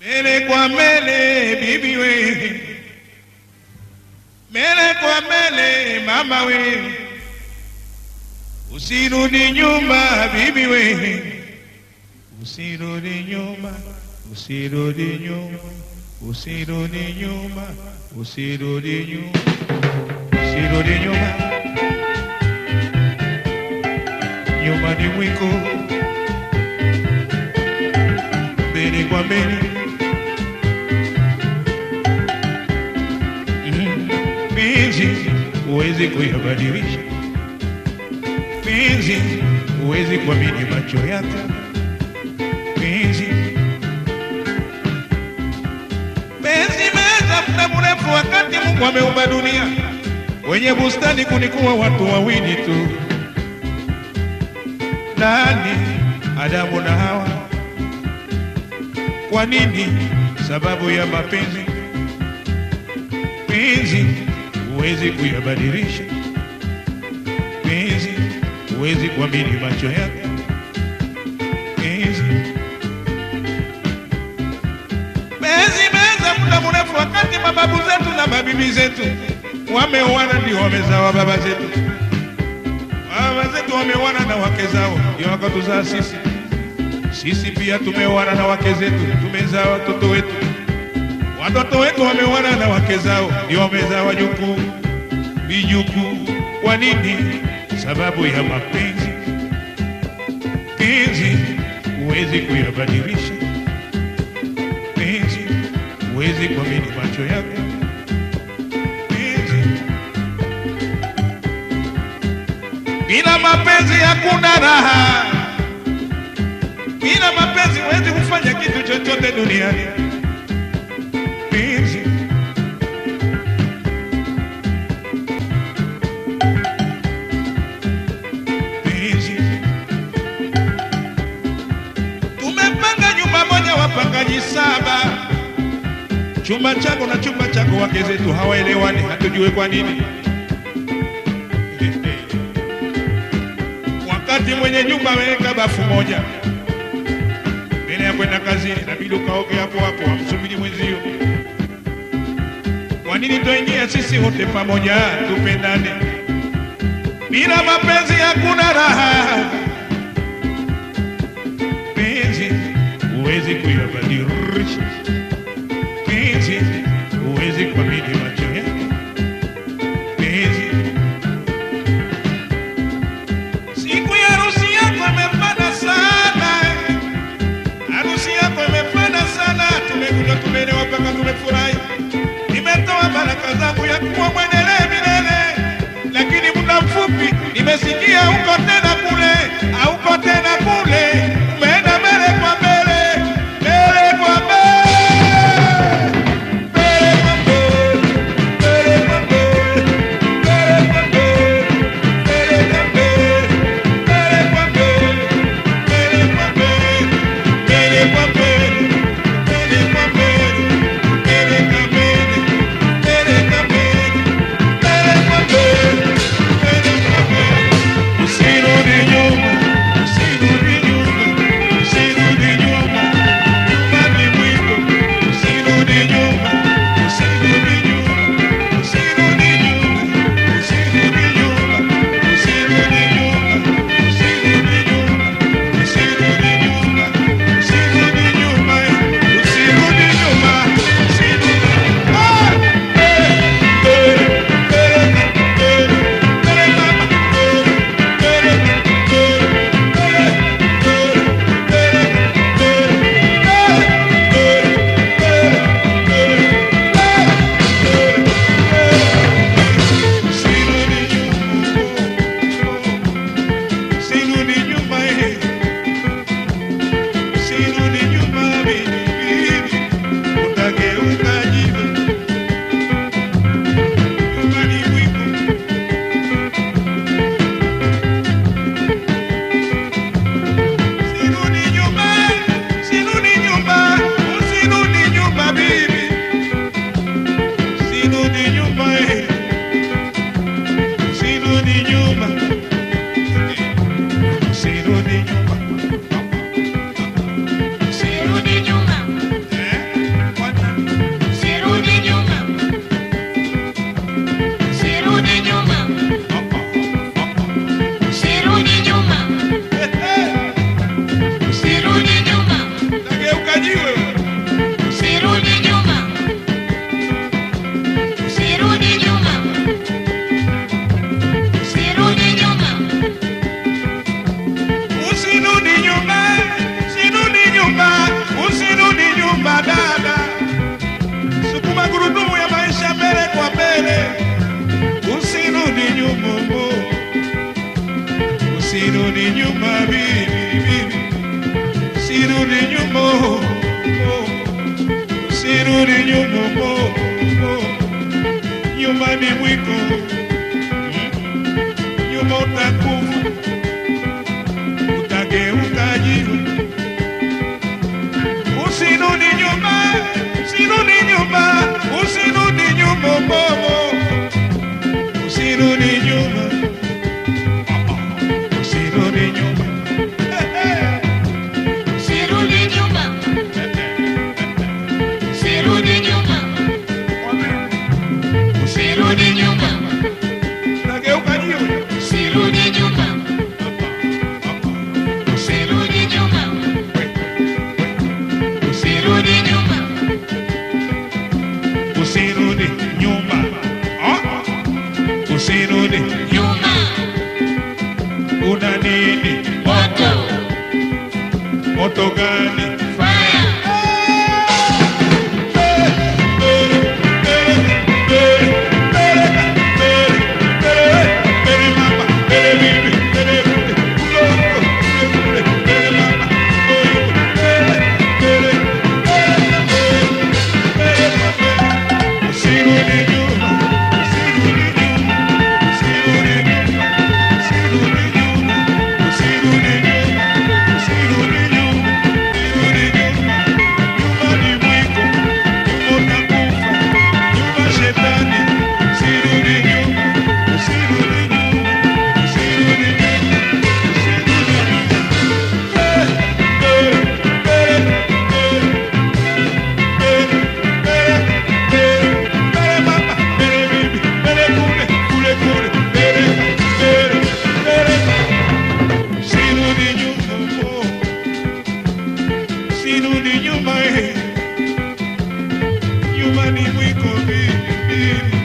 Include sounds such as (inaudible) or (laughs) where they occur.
mbele kwa mbele bibi we, mbele kwa mbele mama we, usirudi nyuma bibi we, usirudi nyuma, usirudi nyuma, usirudi nyuma, usirudi nyuma, usirudi nyuma, nyuma ni mwiko, mbele kwa mbele Penzi huwezi kuyabadilisha, penzi huwezi kuamini macho yako, penzi penzi meza muda mrefu, wakati Mungu ameumba dunia, wenye bustani kunikuwa watu wawili tu, nani? Adamu na Hawa. Kwa nini? Sababu ya mapenzi penzi huwezi kuyabadilisha. Penzi huwezi kuamini macho yako. Penzi penzi meza muda mrefu, wakati mababu zetu na mabibi zetu wameoana ndio wamezawa baba zetu, baba zetu wameoana na wake zao ndio wakatuzaa sisi. Sisi pia tumeoana na wake zetu, tumezaa watoto wetu Watoto wetu wameoana na wake zao, ni wamezaa wajukuu, vijukuu. Kwa nini? Sababu ya mapenzi. Penzi huwezi kuyabadilisha, penzi huwezi kuamini macho yako, bila mapenzi hakuna raha, bila mapenzi huwezi kufanya kitu chochote duniani. saba. Chumba chako na chumba chako, wake zetu hawaelewani, hatujue kwa nini. (laughs) Wakati mwenye nyumba ameweka bafu moja mbele ya kwenda kazini, inabidi ukaoge hapo hapo, amsubiri mwenzio. Kwa nini tuingia sisi wote pamoja, tupendane? Bila mapenzi hakuna raha. Penzi huwezi kuyabadilisha. Penzi huwezi kuamini macho yako, penzi siku ya harusi yako amepanda sana, harusi yako amepanda sana. Tumekuja tumelewa mpaka tumefurahi, nimetoa baraka zangu ya kuwa mwendelee milele, lakini muda mfupi nimesikia uko tena iruri nyumbo nyumba ni mwiko nyumba utakufa moto gani money we could be.